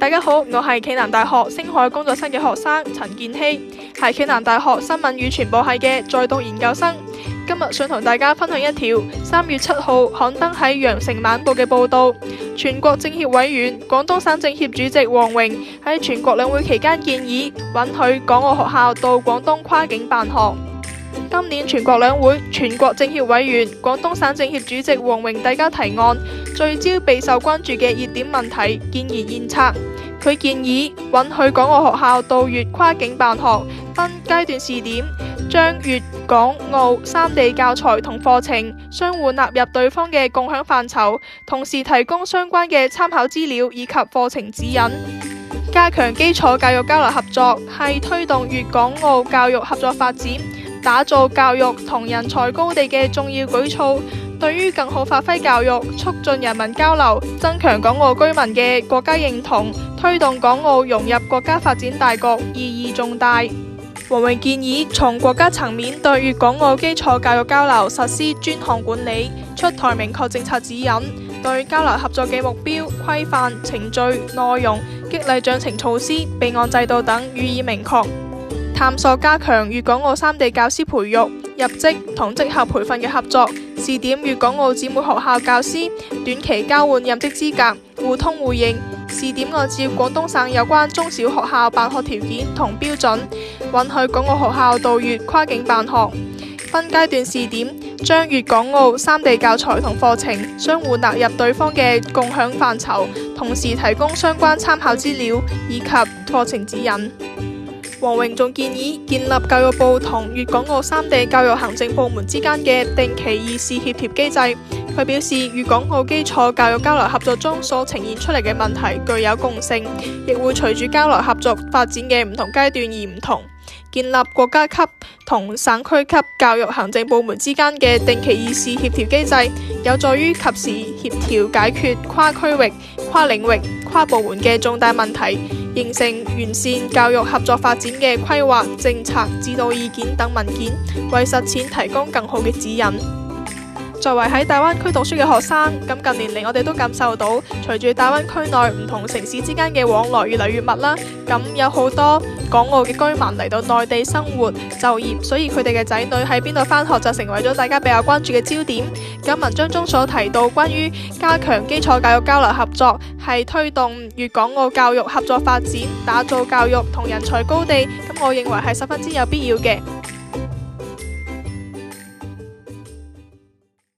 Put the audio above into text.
大家好，我係暨南大學聲海工作室嘅學生陳健嬉，係暨南大學新聞與傳播系嘅在讀研究生。今日想同大家分享一條三月七號刊登喺《羊城晚報》嘅報道。全國政協委員、廣東省政協主席王榮喺全國兩會期間建議，允許港澳學校到廣東跨境辦學。今年全國兩會，全國政協委員、廣東省政協主席王榮遞交提案，聚焦備受關注嘅熱點問題，建言獻策。佢建議允許港澳學校到粵跨境辦學，分階段試點，將粵港澳三地教材同課程相互納入對方嘅共享範疇，同時提供相關嘅參考資料以及課程指引，加強基礎教育交流合作，係推動粵港澳教育合作發展、打造教育同人才高地嘅重要舉措。對於更好發揮教育，促進人民交流，增強港澳居民嘅國家認同，推動港澳融入國家發展大局意義重大。王榮建議從國家層面對粵港澳基礎教育交流實施專項管理，出台明確政策指引，對交流合作嘅目標、規範、程序、內容、激勵獎懲措施、備案制度等予以明確。探索加強粵港澳三地教師培育、入職同職校培訓嘅合作，試點粵港澳姊妹學校教師，短期交換任職資格，互通互認。試點按照廣東省有關中小學校辦學條件同標準，允許港澳學校到粵跨境辦學。分階段試點，將粵港澳三地教材同課程相互納入對方嘅共享範疇，同時提供相關參考資料以及課程指引。王榮仲建議建立教育部同粵港澳三地教育行政部門之間嘅定期議事協調機制。佢表示，粵港澳基礎教育交流合作中所呈現出嚟嘅問題具有共性，亦會隨住交流合作發展嘅唔同階段而唔同。建立國家級同省區級教育行政部門之間嘅定期議事協調機制，有助於及時協調解決跨區域、跨領域、跨部門嘅重大問題，形成完善教育合作發展嘅規劃、政策、指導意見等文件，為實踐提供更好嘅指引。作為喺大灣區讀書嘅學生，咁近年嚟我哋都感受到，隨住大灣區內唔同城市之間嘅往來越嚟越密啦，咁有好多港澳嘅居民嚟到內地生活、就業，所以佢哋嘅仔女喺邊度返學就成為咗大家比較關注嘅焦點。咁文章中所提到關於加強基礎教育交流合作，係推動粵港澳教育合作發展，打造教育同人才高地，咁我認為係十分之有必要嘅。